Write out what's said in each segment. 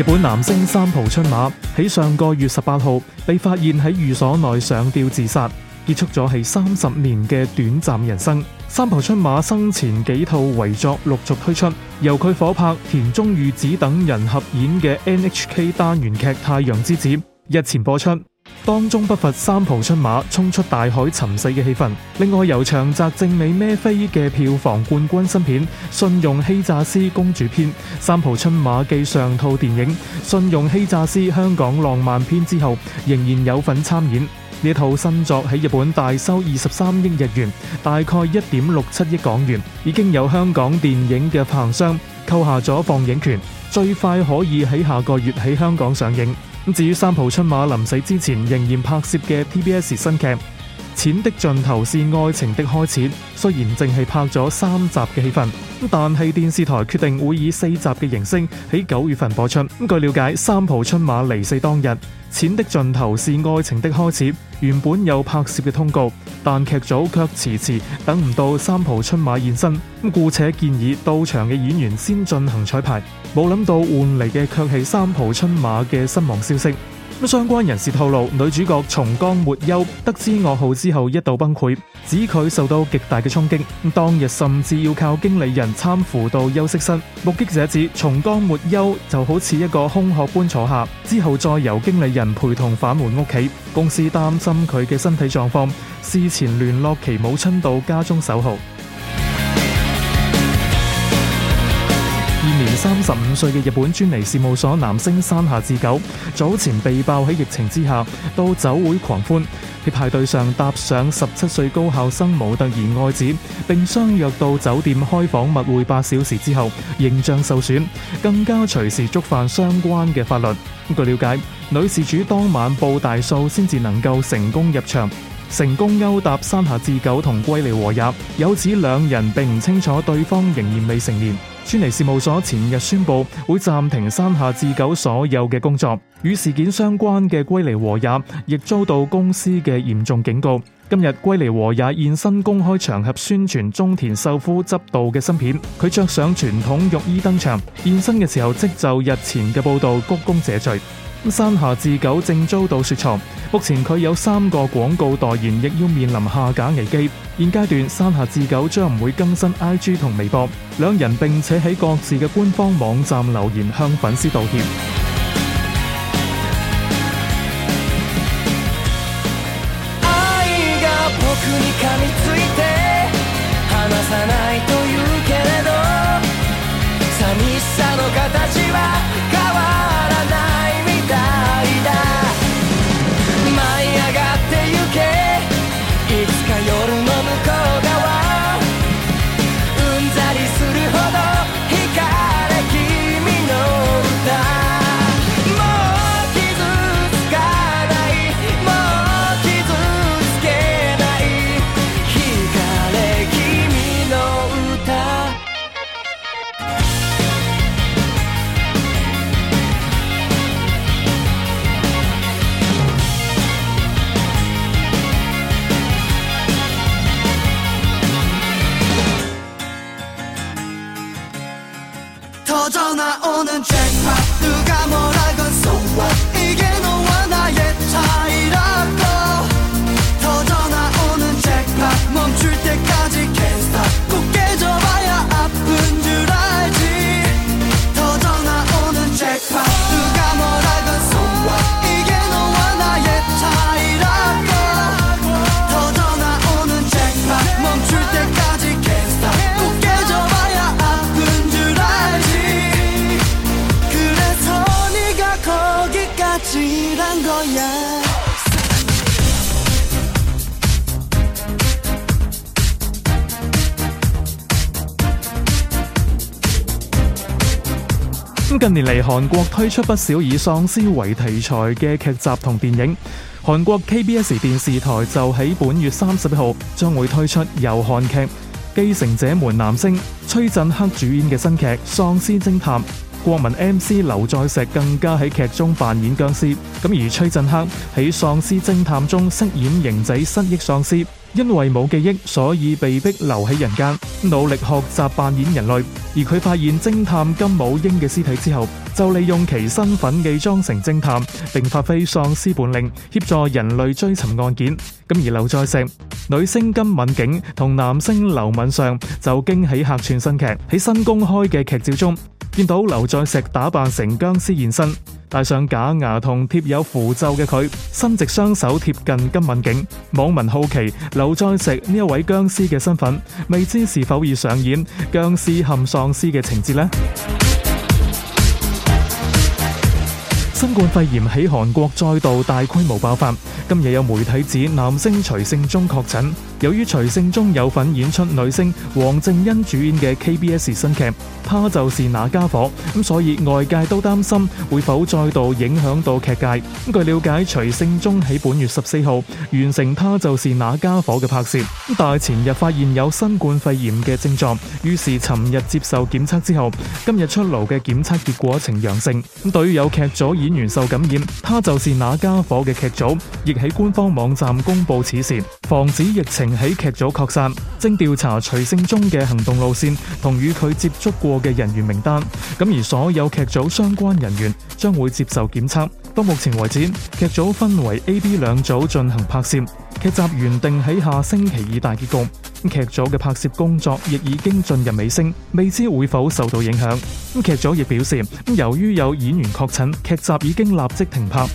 日本男星三浦春馬喺上個月十八號被發現喺寓所內上吊自殺，結束咗係三十年嘅短暫人生。三浦春馬生前幾套遺作陸續推出，由佢火拍田中裕子等人合演嘅 NHK 單元劇《太陽之子》日前播出。當中不乏三浦春馬衝出大海沉死嘅戲份。另外由長澤正美孭飛嘅票房冠軍新片《信用欺詐師公主篇》，三浦春馬繼上套電影《信用欺詐師香港浪漫篇》之後，仍然有份參演，呢套新作喺日本大收二十三億日元，大概一點六七億港元，已經有香港電影嘅發行商購下咗放映權，最快可以喺下個月喺香港上映。至於三浦春馬臨死之前仍然拍攝嘅 TBS 新劇。《錢的盡頭是愛情的開始》雖然淨係拍咗三集嘅戲份，但係電視台決定會以四集嘅形式喺九月份播出。咁據了解，三浦春馬離世當日，《錢的盡頭是愛情的開始》原本有拍攝嘅通告，但劇組卻遲遲等唔到三浦春馬現身，故且建議到場嘅演員先進行彩排。冇諗到換嚟嘅卻係三浦春馬嘅身亡消息。相關人士透露，女主角松江末休得知噩耗之後，一度崩潰，指佢受到極大嘅衝擊，當日甚至要靠經理人攙扶到休息室。目擊者指松江末休就好似一個空殼般坐下，之後再由經理人陪同返回屋企。公司擔心佢嘅身體狀況，事前聯絡其母親到家中守候。現年三十五歲嘅日本專尼事務所男星山下智久早前被爆喺疫情之下到酒會狂歡，喺派對上搭上十七歲高校生模特兒愛子，並相約到酒店開房密會八小時之後，形象受損，更加隨時觸犯相關嘅法律。據了解，女事主當晚報大數先至能夠成功入場，成功勾搭山下智久同龜梨和也，有指兩人並唔清楚對方仍然未成年。尊尼事務所前日宣布會暫停山下智久所有嘅工作，與事件相關嘅龜梨和也亦遭到公司嘅嚴重警告。今日龜梨和也現身公開場合宣傳中田秀夫執導嘅新片，佢着上傳統浴衣登場現身嘅時候，即就日前嘅報道鞠躬謝罪。山下智久正遭到雪藏，目前佢有三個廣告代言亦要面臨下架危機。現階段山下智久將唔會更新 IG 同微博，兩人並且喺各自嘅官方網站留言向粉絲道歉。近年嚟，韓國推出不少以喪屍為題材嘅劇集同電影。韓國 KBS 電視台就喺本月三十一號將會推出由韓劇《繼承者們》男星崔振赫主演嘅新劇《喪屍偵探》。國民 MC 劉在石更加喺劇中扮演僵屍，咁而崔振赫喺《喪屍偵探》中飾演型仔失憶喪屍，因為冇記憶，所以被迫留喺人間，努力學習扮演人類。而佢發現偵探金武英嘅屍體之後，就利用其身份偽裝成偵探，並發揮喪屍本領協助人類追尋案件。咁而劉在石、女星金敏景同男星劉敏上，就驚喜客串新劇喺新公開嘅劇照中，見到劉在石打扮成僵屍現身，戴上假牙同貼有符咒嘅佢，伸直雙手貼近金敏景。網民好奇劉在石呢一位僵屍嘅身份，未知是否已上演僵屍陷喪屍嘅情節呢？新冠肺炎喺韓國再度大規模爆發，今日有媒體指男星徐勝忠確診。由於徐聖中有份演出女星黃正音主演嘅 KBS 新劇，他就是那傢伙，咁所以外界都擔心會否再度影響到劇界。咁據瞭解，徐聖中喺本月十四號完成《他就是那傢伙》嘅拍攝，但係前日發現有新冠肺炎嘅症狀，於是尋日接受檢測之後，今日出爐嘅檢測結果呈陽性。咁對於有劇組演員受感染，《他就是那傢伙》嘅劇組亦喺官方網站公布此事，防止疫情。喺劇組擴散，正調查徐升中嘅行動路線同與佢接觸過嘅人員名單。咁而所有劇組相關人員將會接受檢測。到目前為止，劇組分為 A、B 兩組進行拍攝。劇集原定喺下星期二大結局，咁劇組嘅拍攝工作亦已經進入尾聲，未知會否受到影響。咁劇組亦表示，由於有演員確診，劇集已經立即停拍。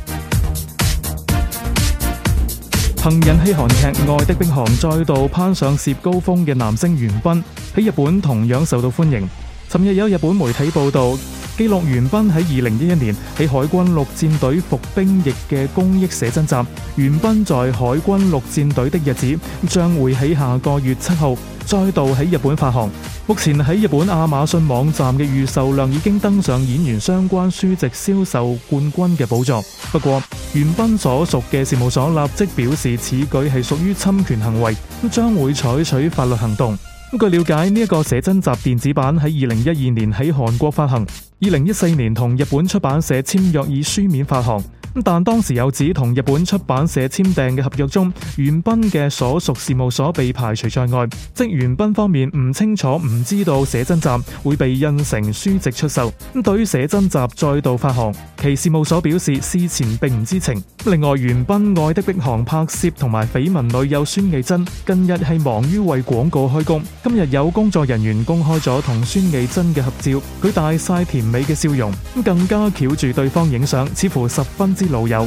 憑引起韓劇《愛的迫降》再度攀上涉高峰嘅男星玄彬，喺日本同樣受到歡迎。尋日有日本媒體報導。記錄元彬喺二零一一年喺海軍陸戰隊服兵役嘅公益寫真集，元彬在海軍陸戰隊的日子，將會喺下個月七號再度喺日本發行。目前喺日本亞馬遜網站嘅預售量已經登上演員相關書籍銷售冠軍嘅寶座。不過，元彬所屬嘅事務所立即表示此舉係屬於侵權行為，咁將會採取法律行動。據了解，呢、這、一個寫真集電子版喺二零一二年喺韓國發行，二零一四年同日本出版社簽約以書面發行。但當時有指同日本出版社簽訂嘅合約中，玄彬嘅所屬事務所被排除在外，即玄彬方面唔清楚、唔知道寫真集會被印成書籍出售。咁對於寫真集再度發行，其事務所表示事前並唔知情。另外，玄彬愛的迫降拍攝同埋緋聞女友孫藝珍，近日係忙於為廣告開工。今日有工作人員公開咗同孫藝珍嘅合照，佢大晒甜美嘅笑容，更加翹住對方影相，似乎十分之老友。